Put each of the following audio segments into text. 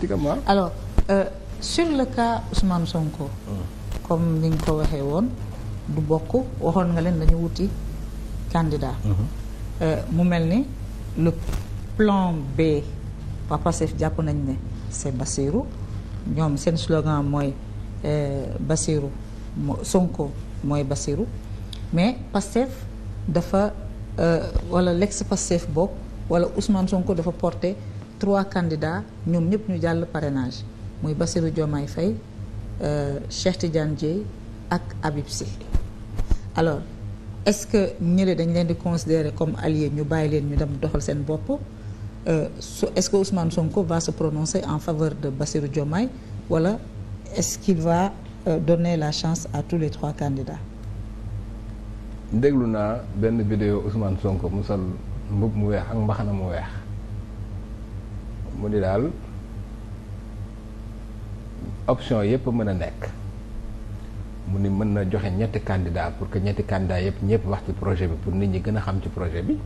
politiquement. alors euh, sur le cas Ousmane Sonko. comme ni nga ko waxee woon du bokk waxoon nga leen dañu wuti candidat. Mhm. Euh, mu mel ni le plan B waa Pastef jàpp nañ ne c'est Bassirou ñoom seen slogan mooy euh, Bassirou Sonko mooy Bassirou mais Pastef dafa euh, walla l'ex Pastef bokk wala Ousmane Sonko dafa porter. trois candidats ñoom ñëpp ñu jàll parrainage muy Bassirou Diomaye Faye euh, Cheikh Tidiane Dièye ak Habib Sy alors est-ce que ñële dañ leen di considérer comme allié ñu bàyyi leen ñu dem doxal seen bopp euh, su est-ce Sonko va se prononcer en faveur de Bassirou Diomaye wala est va euh, donner la chance à tous les trois candidats déglu naa benn vidéo Ousmane Sonko mu sol mbub mu weex ak mbaxana mu weex mu di daal option yëpp mën a nekk mu ni mën na joxe ñetti candidat pour que ñetti candidat yëpp ñëpp wax ci projet bi pour nit ñi gën a xam ci projet bi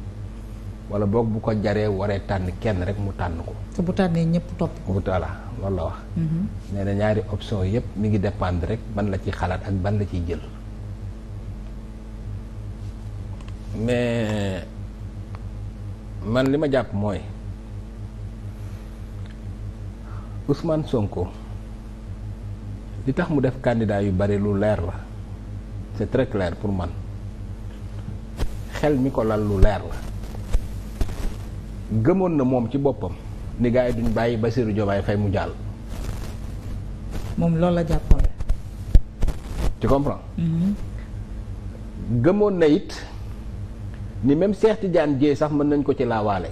wala boog bu ko jaree waree tànn kenn rek mu tànn ko. te bu tànnee ñëpp topp ko. voilà loolu la wax. Mm-hmm. nee na ñaari option yëpp mi ngi dépendre rek ban la ci xalaat ak ban la ciy jël. mais man li ma jàpp mooy. Ousmane Sonko li tax mu def kàndidaa yu bare lu leer la c'est très clair pour man xel mi ko lal lu leer la gëmoon na moom ci boppam ni gars yi duñ bàyyi Bassirou Diomaye Faye mu jàll. moom loolu la jàppoon. tu comprends. Mm-hmm. gëmoon na it ni même Cheikh Tidiane Dièye sax mën nañ ko ci laawaale.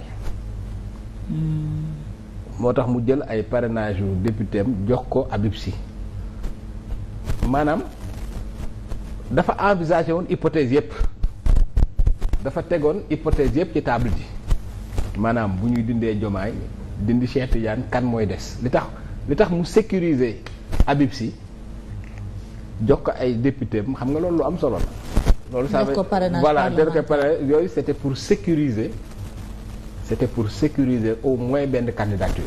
Mm. moo tax mu jël ay parrainage yu député am jox ko Habib Sy maanaam dafa envisagé woon hypothèse yëpp dafa tegoon hypothèse yëpp ci table ji maanaam bu ñuy dindee jomaay dindi Cheikh Tidiane kan mooy des li tax li tax mu sécuriser Habib Sy jox ko ay député am xam nga loolu lu am solo la. loolu ça veut voilà ko pare yooyu c'était pour sécuriser. c'était pour sécuriser au moins benn candidature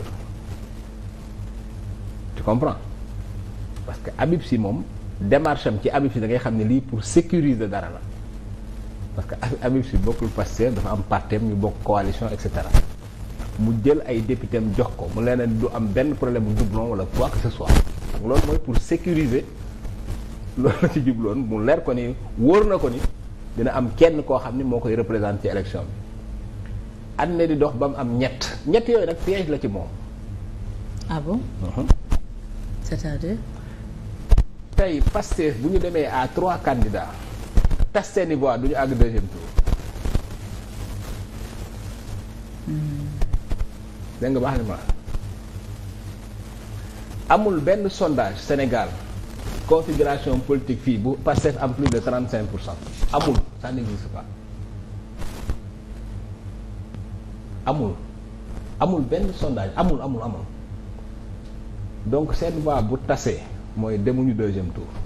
tu parce que Habib Sy moom démarche am ci Habib Sy da ngay xam ne lii pour sécuriser dara la parce que Habib Sy bokkul Pastef dafa am partem ñu bokk coalition et cetera mu jël ay député jox ko mu leneen du am benn problème bu doublon wala quoi que ce mooy pour sécuriser loolu la ci jubloon mu leer ko ni wóor na ko ni dina am kenn koo xam ni moo koy représenté ci élection bi ànd di dox ba mu am ñett ñett yooyu nag piège la ci moom. ah bon. Uh tey Pastef bu ñu demee à trois candidats tas seeni voix du ñu àgg deuxième tour. Hmm. dégg nga baax na ma amul benn sondage Sénégal configuration politique fii bu Pastef am plus de trente cinq pour cent amul ça n'existe pas. amul amul benn sondage amul amul amul donc seen voix bu tasee mooy demuñu deuxième tour